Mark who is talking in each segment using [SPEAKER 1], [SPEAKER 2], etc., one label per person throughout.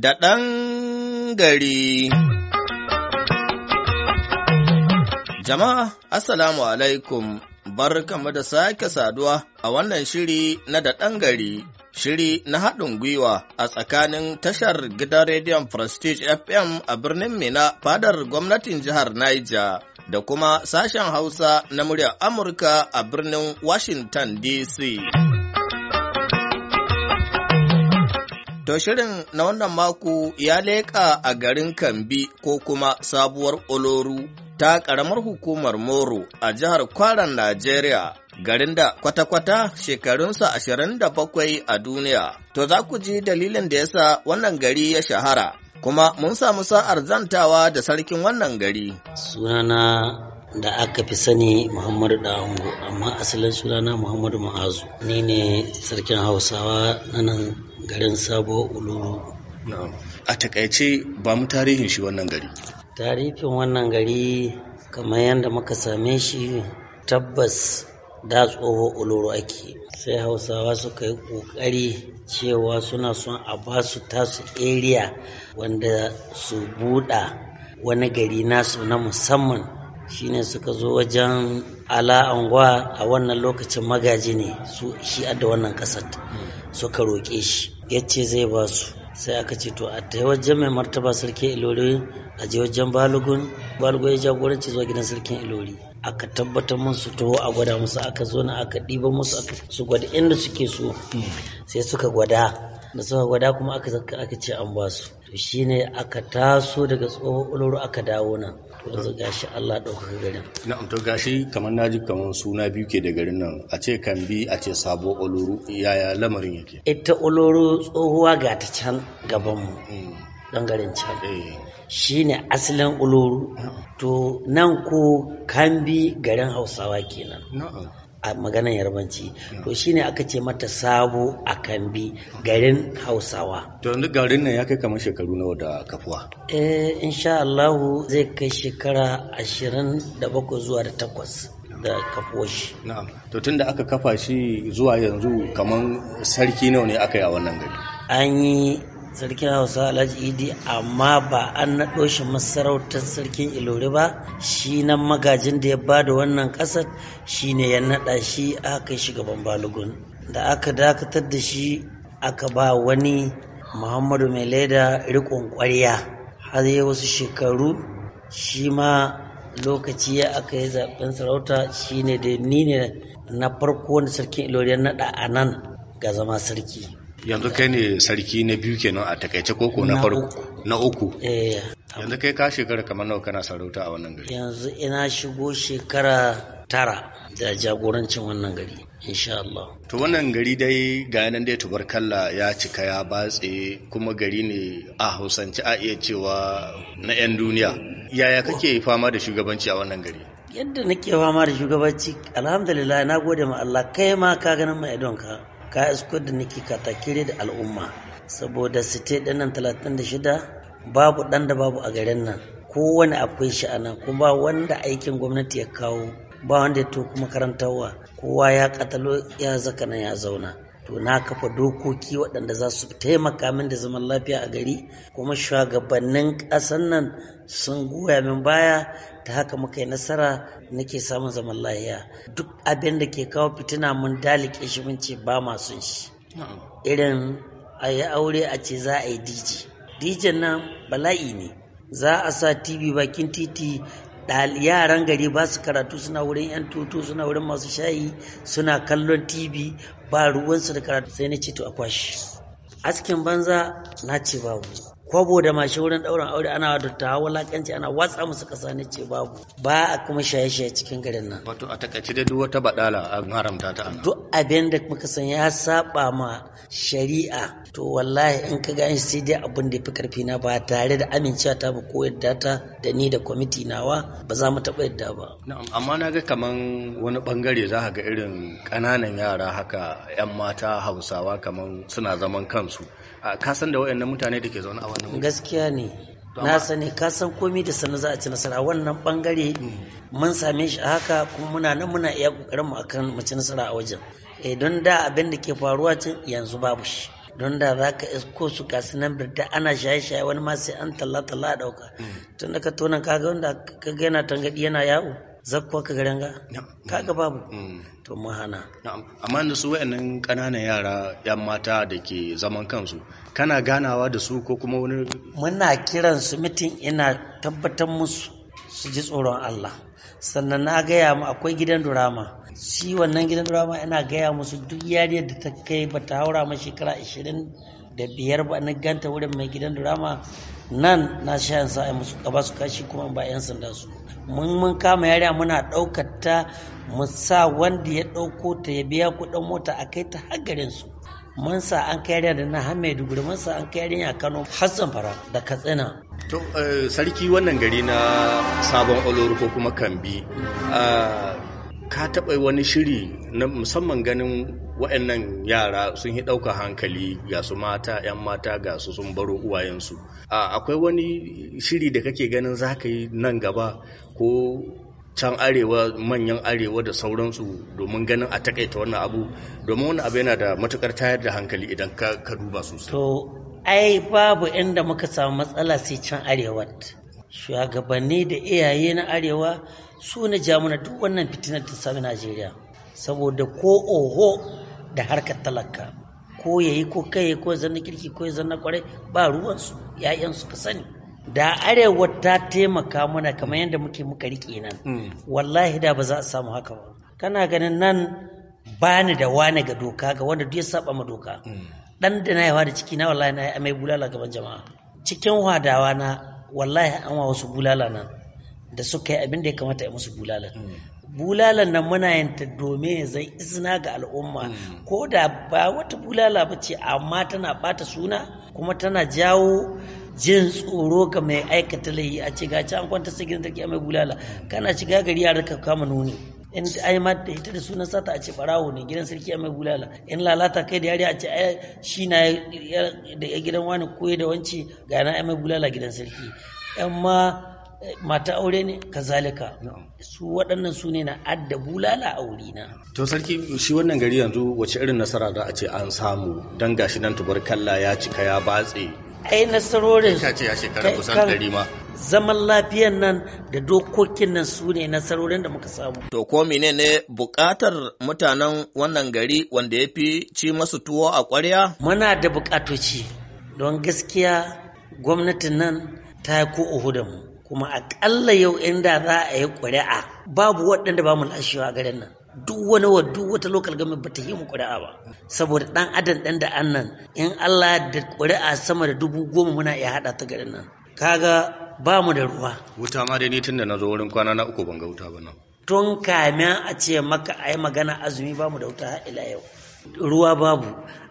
[SPEAKER 1] da ɗan gari. Jama'a, Assalamu alaikum, bar kama da sake saduwa a wannan shiri na da ɗan gari. shiri na haɗin gwiwa a tsakanin tashar gidan rediyon Prestige FM a birnin Mina fadar gwamnatin jihar Niger da kuma sashen Hausa na muryar Amurka a birnin Washington DC. To shirin na wannan mako ya leƙa a garin Kambi ko kuma sabuwar Oloru ta ƙaramar hukumar Moro a jihar Kwaran Najeriya, garin da kwata-kwata shekarunsa ashirin da bakwai a duniya. To za ku ji dalilin da yasa wannan gari ya shahara, kuma mun samu sa'ar zantawa da sarkin wannan gari.
[SPEAKER 2] Sunana da aka fi sani Muhammadu Da'ango amma asalin sunana Muhammadu Ma'azu ni ne sarkin Hausawa na nan garin Sabo Uluru.
[SPEAKER 3] A takaice ba mu tarihin shi wannan gari.
[SPEAKER 2] Tarihin wannan gari kamar yadda muka same shi tabbas da tsoho uluru ake sai hausawa suka yi kokari cewa suna son a ba su tasu area wanda su buɗa wani gari nasu na musamman shine suka zo wajen ala angwa a wannan lokacin magaji ne su shi adda wannan kasar hmm. suka roƙe shi ya ce zai ba su sai aka ce to a ta wajen mai martaba sarki ilori a je wajen balugun balugun ya jagoranci zuwa gidan sarkin ilori aka tabbatar su taho a gwada musu aka zo na aka ɗiba musu aka su gwada inda suke so hmm. sai suka gwada da suka gwada kuma aka zaka aka ce an basu to shine aka taso daga tsohon uluru aka dawo nan to yanzu gashi Allah ɗaukaka garin
[SPEAKER 3] na'am to gashi kamar naji kamar suna biyu ke da garin nan a ce kan bi a ce Sabo Uluru yaya lamarin yake
[SPEAKER 2] ita Uluru tsohuwa ga ta can gaban mu hmm. garin can eh. shine asalin uluru to nan ko kambi garin hausawa kenan a maganan yarbanci to shine aka ce mata sabo a kambi garin hausawa to yanzu garin nan ya kai
[SPEAKER 3] kamar shekaru nawa da kafuwa
[SPEAKER 2] eh insha Allah zai kai shekara 27 zuwa da takwas da kafuwar shi na'am
[SPEAKER 3] to tunda aka kafa shi zuwa yanzu kamar sarki nawa ne aka yi a wannan gari
[SPEAKER 2] an yi sarkin hausa alhaji idi amma ba an naɗo shi masarautar sarkin ilori ba shi nan magajin da ya ba da wannan ƙasar shi ne ya naɗa shi aka yi shugaban balugun da aka dakatar da shi aka ba wani muhammadu mai laida riƙon ƙwarya har yi wasu shekaru shi ma lokaci ya aka yi zaɓen sarauta shi ne da ni ne na farko wanda sarkin ilori ya naɗa a nan ga zama sarki
[SPEAKER 3] yanzu kai ne sarki na biyu kenan a takaice koko na
[SPEAKER 2] farko na uku eh, yanzu kai ka shekara kamar nawa kana sarauta a wannan gari yanzu ina shigo shekara tara da jagorancin wannan gari insha Allah
[SPEAKER 3] to wannan gari dai ga nan dai tubarkalla ya cika ya batse kuma gari ne a hausance a iya cewa na 'yan duniya yaya kake fama da shugabanci a wannan
[SPEAKER 2] gari yadda nake fama da shugabanci alhamdulillah na gode ma Allah kai ma ka ganin ma idonka ka isko da nake katakire da al'umma saboda site talatin nan 36 babu ɗan da babu a garin nan kowane akwai sha'ana kuma wanda aikin gwamnati ya kawo ba wanda ya to kuma karantarwa kowa ya katalo ya zaka nan ya zauna to na kafa dokoki waɗanda za su taimaka min da zaman lafiya a gari kuma shugabannin ƙasar nan sun goya min baya ta haka muka yi nasara nake samun zaman lafiya duk abin da ke kawo fitina mun dalike shi mun ce ba masu shi irin a yi aure a ce za a yi dj dj nan bala'i ne za a sa tv bakin titi yaran gari ba su karatu suna wurin 'yan tutu suna wurin masu shayi suna kallon tv ba ruwansu da karatu sai na ce to a kwashi askin banza na ce ba kwabo da mashi wurin ɗaurin aure ana dattawa wulakanci ana watsa musu ƙasa ne ce babu ba a kuma shaye-shaye cikin garin nan wato a takaice da duk wata badala a haramta ta ana. duk abin da muka san ya saba ma shari'a to wallahi in ka gani sai dai abin da ya fi karfi na ba tare da amincewa ta ba ko yadda ta da ni da kwamiti nawa ba za mu taɓa yadda ba
[SPEAKER 3] amma na ga kaman wani bangare za ga irin ƙananan yara haka 'yan mata hausawa kaman suna zaman kansu ka san da wayannan mutane da ke zaune a
[SPEAKER 2] wannan gaskiya ne na sani ka san komai da Sana za a ci nasara wannan bangare hmm. mun same shi a haka kuma muna nan muna iya kokarin mu akan mu ci nasara a wajen eh, don da abin da ke faruwa tun yanzu babu shi don da za ka isko su kasu nan birta ana shaye-shaye wani ma sai an talla-talla a ɗauka hmm. tun da ka tonan kaga wanda ka ga yana tangadi yana yawo zakkuwa ka garanga kaga babu mm. to mun hana
[SPEAKER 3] amma da su wayannan kananan yara yan mata da ke zaman kansu
[SPEAKER 2] kana ganawa da su ko kuma wani muna kiran su mitin ina tabbatar musu su ji tsoron Allah sannan na gaya mu akwai gidan durama shi wannan gidan durama ina gaya musu duk yariyar da ta kai ba ta haura ma shekara ashirin da biyar ba na ganta wurin mai gidan durama nan na sha yansa a musu kaba su kashi kuma ba yan sanda su mun mun kama yarinya muna ɗaukar ta mu sa wanda ya ɗauko ta ya biya kuɗin mota a kai ta har garin su mun sa an kai yarinya da na hamadu maiduguri mun sa an kai yarinya kano Hassan fara da katsina
[SPEAKER 3] to eh, sarki wannan gari na sabon olori ko kuma kambi ah, ka taɓa wani shiri na musamman ganin wa'annan yara sun yi ɗaukar hankali ga su mata 'yan mata ga su sun baro uwayensu akwai wani shiri da kake ganin za ka yi nan gaba ko can arewa manyan arewa da sauransu domin ganin a takaita wannan abu domin wani abu yana da matukar tayar da hankali idan ka duba sosai
[SPEAKER 2] to ai babu inda muka samu matsala sai can arewa shugabanni da iyaye na arewa su na jamuna duk wannan fitinar ta sami najeriya saboda ko oho da harkar talaka ko ya yi ko kai ko ya zanna kirki ko ya zanna kwarai ba ruwansu ya'yansu ka sani da arewa ta taimaka mana kamar yadda muke muka riƙe nan hmm. wallahi da ba za a samu haka ba kana ganin nan bani da wani ga doka ga wanda duk ya saba ma doka dan hmm. da na yawa da ciki na wallahi na yi amai bulala gaban jama'a cikin wadawa na wallahi an wa wasu bulala nan da suka yi abin da ya kamata ya musu bulala mm. bulalan nan muna yin ta domin ya zai izina ga al'umma mm. ko da ba wata bulala ba ce amma tana bata suna kuma tana jawo jin tsoro ga mai aikata laifi a ce gaci an kwanta sigirin da mai bulala mm. kana shiga gari ya raka kama nuni in ai ma da ita da sunan sata a ce barawo ne gidan sarki ya mai bulala in lalata kai da yari a ce ai shi na da ya gidan wani koyi da wance ga na ai mai bulala gidan sarki ma eh, mata aure ne kazalika su waɗannan su ne na adda bulala a wuri na
[SPEAKER 3] to sarki shi wannan gari yanzu wace irin nasara da a ce an samu dan gashi nan tubarkalla ya cika ya batse ai nasarorin ka ce a zaman lafiyan nan da dokokin nan su ne
[SPEAKER 1] nasarorin da muka samu. To ko ne bukatar mutanen wannan gari wanda ya fi ci masu tuwo a ƙwarya?
[SPEAKER 2] Muna da bukatoci don gaskiya gwamnatin nan ta yi ko uhu da mu. Kuma aƙalla yau inda za a yi ƙuri'a babu waɗanda ba mu lashewa a garin nan. duk wani wa duk wata lokal gami ba yi mu kuri'a ba saboda dan adam dan da annan in Allah da ƙuri'a sama da dubu goma muna iya haɗa ta garin nan kaga ba mu da ruwa
[SPEAKER 3] wuta ma dai ni tun da na zo wurin kwana na uku ban ga wuta ba nan
[SPEAKER 2] tun kamiya a ce maka a yi magana azumi ba mu da wuta ha ila yau ruwa babu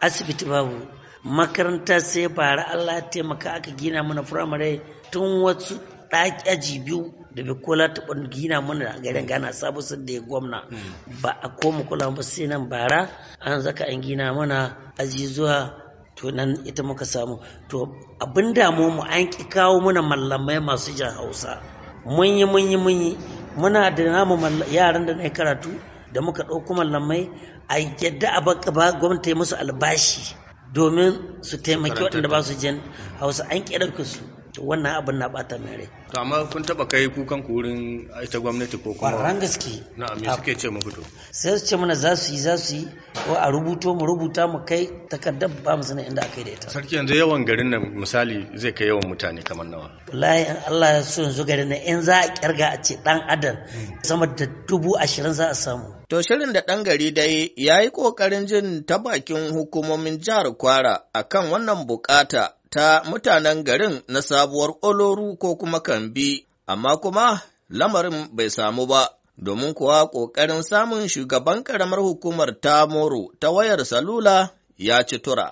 [SPEAKER 2] asibiti babu makaranta sai fara Allah ya taimaka aka gina mana firamare tun wasu ɗaki biyu da bai kola ta gina mana a garin gana sabu sun da ya gwamna mm. ba a koma kula ba sai nan bara an zaka an gina mana azizuwa to nan ita muka samu to abin damu mu an ki kawo mana mallamai masu jan hausa mun yi mun muna da namu yaran da na karatu da muka ɗauko mallamai a yadda a baka ba gwamnati musu albashi domin su taimaki waɗanda ba su jan hausa an ƙi su wannan abin na bata mai rai
[SPEAKER 3] to amma kun taba kai kukan ku wurin ita gwamnati ko kuma ran gaske na me suke ce muku to
[SPEAKER 2] sai su ce mana za su yi za su yi ko a rubuto mu rubuta mu kai takardar ba mu sanin inda aka yi da ita
[SPEAKER 3] sarki yanzu yawan garin nan misali zai kai yawan mutane kamar nawa
[SPEAKER 2] wallahi in Allah ya so yanzu garin nan in za a kirga a ce dan adam sama da dubu ashirin za a samu To shirin da ɗan gari dai ya yi ƙoƙarin
[SPEAKER 1] jin ta bakin hukumomin jihar Kwara a kan wannan bukata ta mutanen garin na sabuwar oloru ko kuma kambi, amma kuma lamarin bai samu ba, domin kuwa ƙoƙarin samun shugaban ƙaramar hukumar ta Moro ta wayar salula ya ci tura.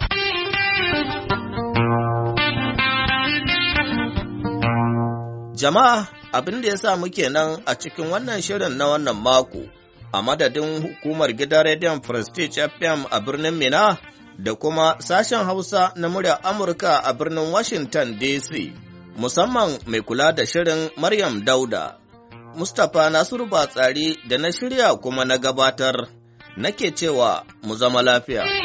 [SPEAKER 1] Jama'a abin da ya sa muke nan a cikin wannan shirin na wannan mako, a madadin hukumar gidan rediyon Prestige FM a birnin Mina. da kuma sashen Hausa na murya Amurka a birnin Washington DC, musamman mai kula da shirin Maryam Dauda. Mustapha Nasiru Batsari da na shirya kuma na gabatar, nake cewa mu zama
[SPEAKER 3] lafiya.